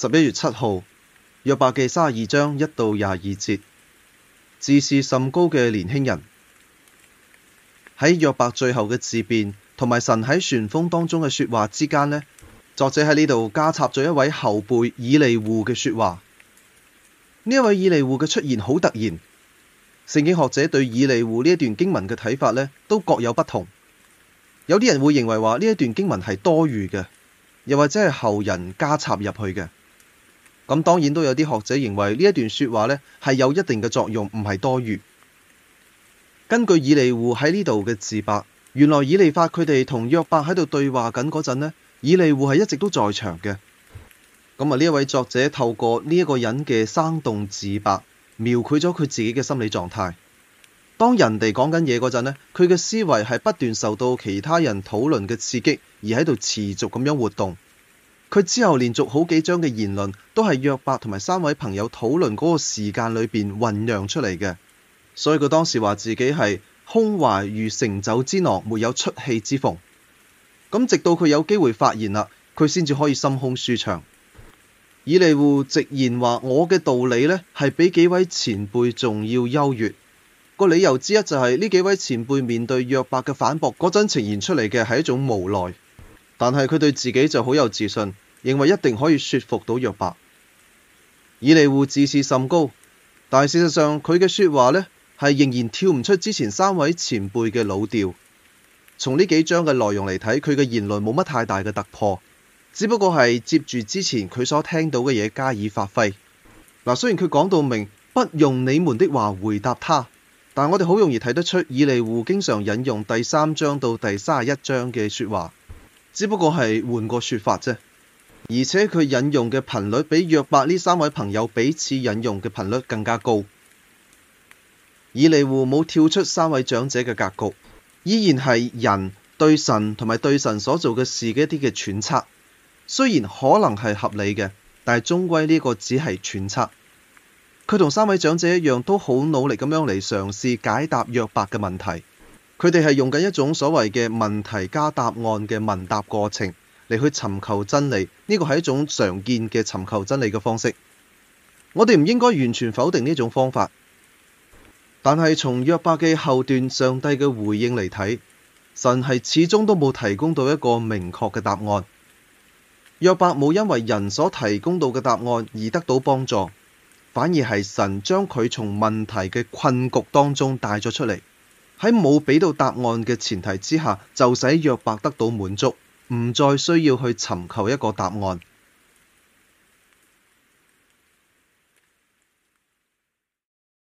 十一月七號，約伯記三十二章一到廿二節，自視甚高嘅年輕人。喺約伯最後嘅自辯同埋神喺旋風當中嘅說話之間呢，作者喺呢度加插咗一位後輩以利戶嘅說話。呢位以利戶嘅出現好突然，聖經學者對以利戶呢段經文嘅睇法呢都各有不同。有啲人會認為話呢一段經文係多餘嘅，又或者係後人加插入去嘅。咁當然都有啲學者認為呢一段説話呢係有一定嘅作用，唔係多餘。根據以利戶喺呢度嘅自白，原來以利法佢哋同約伯喺度對話緊嗰陣呢，以利戶係一直都在場嘅。咁啊，呢一位作者透過呢一個人嘅生動自白，描繪咗佢自己嘅心理狀態。當人哋講緊嘢嗰陣呢，佢嘅思維係不斷受到其他人討論嘅刺激而喺度持續咁樣活動。佢之後連續好幾章嘅言論，都係約伯同埋三位朋友討論嗰個時間裏邊醞釀出嚟嘅，所以佢當時話自己係胸懷如盛酒之囊，沒有出氣之縫。咁直到佢有機會發言啦，佢先至可以心胸舒暢。以利戶直言話：我嘅道理呢係比幾位前輩仲要優越。個理由之一就係呢幾位前輩面對約伯嘅反駁嗰陣呈現出嚟嘅係一種無奈。但係佢對自己就好有自信，認為一定可以說服到約伯。以利戶自視甚高，但係事實上佢嘅說話呢係仍然跳唔出之前三位前輩嘅老調。從呢幾章嘅內容嚟睇，佢嘅言論冇乜太大嘅突破，只不過係接住之前佢所聽到嘅嘢，加以發揮嗱。雖然佢講到明不用你們的話回答他，但我哋好容易睇得出，以利戶經常引用第三章到第三十一章嘅說話。只不過係換個說法啫，而且佢引用嘅頻率比約伯呢三位朋友彼此引用嘅頻率更加高，以利戶冇跳出三位長者嘅格局，依然係人對神同埋對神所做嘅事嘅一啲嘅揣測，雖然可能係合理嘅，但係終歸呢個只係揣測。佢同三位長者一樣，都好努力咁樣嚟嘗試解答約伯嘅問題。佢哋係用緊一種所謂嘅問題加答案嘅問答過程嚟去尋求真理，呢個係一種常見嘅尋求真理嘅方式。我哋唔應該完全否定呢種方法，但係從約伯嘅後段上帝嘅回應嚟睇，神係始終都冇提供到一個明確嘅答案。約伯冇因為人所提供到嘅答案而得到幫助，反而係神將佢從問題嘅困局當中帶咗出嚟。喺冇畀到答案嘅前提之下，就使約伯得到滿足，唔再需要去尋求一個答案。